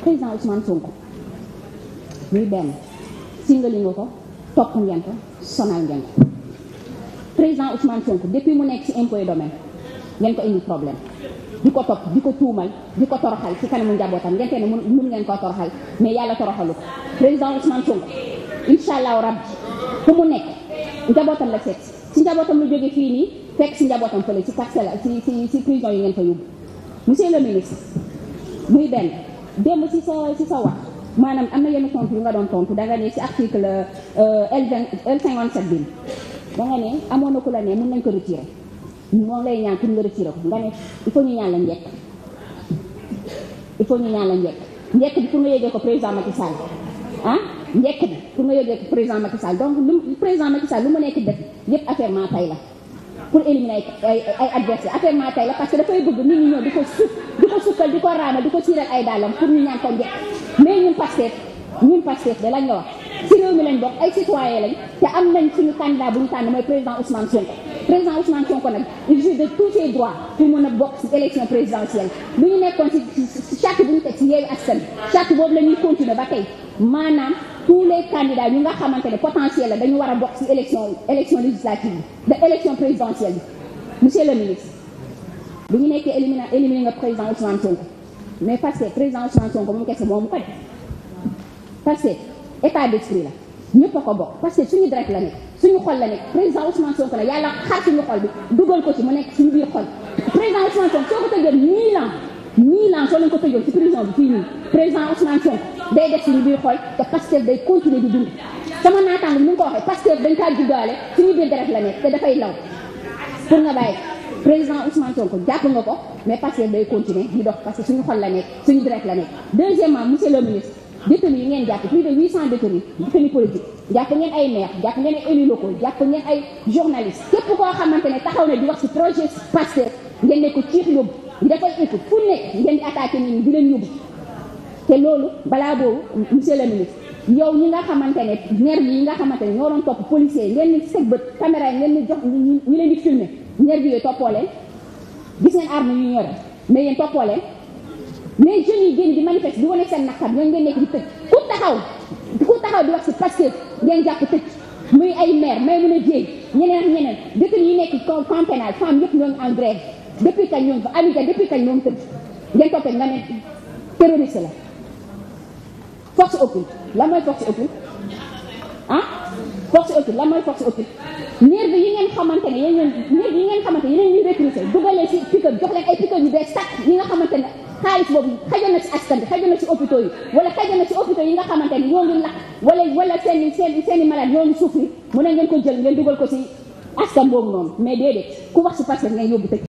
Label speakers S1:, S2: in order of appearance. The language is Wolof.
S1: président Ousmane Sonko muy benn singali nga ko topp ngeen ko sonal ngeen ko président Ousmane Sonko depuis mu nekk ci impôt domaine ngeen ko indi problème di ko topp di ko tuumal di ko toroxal ci kanamu njabootam ngeen tee ne mun ngeen koo toroxal mais yàlla toroxalu ko président Ousmane Sonko incha allahu rabbi mu nekk njabootam la seet ci njabootam lu jóge fii nii fekk si njabootam fële ci parcelle ci ci ci prison yi ngeen ko yóbbu monsieur le ministre muy benn démb ci sa ci sa wax maanaam am na yenn tontu yu nga doon tontu da ne ci article L20 euh, L57 bi da nga ne amoon na ku la ne mën nañ ko retirer moo lay ñaan pour nga retirer ko nga ne il faut ñu ñaan la njëkk il faut ñu ñaan la njëkk njëkk bi pour nga yëgee ko président Macky Sall ah njëkk bi pour nga yëgee ko président Macky Sall donc lu président Macky lu ma nekk def yëpp affaire maa tay la. pour éliminer ay ay adversaire actuellement la parce dafay bëgg nit ñi ñëw di ko su di ko sukkal di ko raama di ko tiiral ay dàllam pour ñu ñaan ko njëkk mais ñun Pastef ñun Pastef de lañ la wax si réew mi lañ bokk ay citoyen lañ te am nañ suñu candidat bu ñu tànn mooy président Ousmane Sonko président Ousmane Sonko nag il jouit de tous ses droits pour mën a bokk si élection présidentielle lu ñu nekkoon si charte bu ñu teg si yeewu askan charte boobu la tous les candidats ñu nga xamante ne potentiel la dañu war a bokk ci élection élection législative bi da élection présidentielle bi monsieur le ministre bu ñu nekkee éliminé éliminé nga président Ousmane Sonko mais parce que président Ousmane Sonko moom kese moomu ko def parce que état d'esprit la ñëpp a bokk parce que suñu direct la nekk suñu xol la nekk président Ousmane Sonko la yàlla xar suñu xol bi dugal ko ci mu nekk suñu biir xol président Ousmane soo ko tëjoon mille ans mille ans ci prison bi fii nii président Ousmane Sonko day def li biir xol te Pastef day continuer di dund sama naataango bi ni nga waxee Pastef dañ kaa juddaale suñu biir deret la nekk te dafay law pour nga bàyyi président Ousmane Sonko jàpp nga ko mais Pastef day continuer ñu dox parce que suñu xol la nekk suñu deret la nekk deuxièmement monsieur le ministre détenus yi ngeen jàpp plus de 800 détenus détenus politique jàpp ngeen ay maire jàpp ngeen ay élus locaux jàpp ngeen ay journaliste képp koo xamante ne na di wax si projet Pastef ngeen ne ko di te loolu balaa boobu monsieur le ministre yow ñi nga xamante ne nervi yi nga xamante ne ñoo doon topp policier yi ngeen ni sëg bët caméra yi ngeen ni jox ñu leen di filmer nervi yooyu toppoo leen gis ngeen arme yu ñore mais yéen toppoo leen mais jeunes yi génn di manifeste di wane seen naqar ñooñu ngeen nekk di tëj ku taxaw ku taxaw di wax si Pastef ngeen jàpp tëj muy ay maire may mën a jéey ñeneen ak ñeneen détenu yi nekk camp pénal femme yëpp ñoo ngi en grève depuis kañ ñoo ngi fa amiga depuis kañ ñoo tëj ngeen toppee nga ne terroriste la force occulte la mooy force occulte ah force niir bi yi ngeen xamante ne yéen niir bi yi ngeen xamante ne yéen ñuy recruter dugalee ci pick-up jox leen ay pick-up yu bees nga xamante ne xaalis boobu xajoon na ci askan bi xajoon na ci hôpitaux yi wala xajoon na ci hôpitaux yi nga xamante ne ñoo ngi lakk wala wala seen i seen seen i malade ñoo ngi souffrir mu ngeen ko jël ngeen dugal ko ci askan boobu noonu mais déedéet ku wax ci parce que ngay yóbbu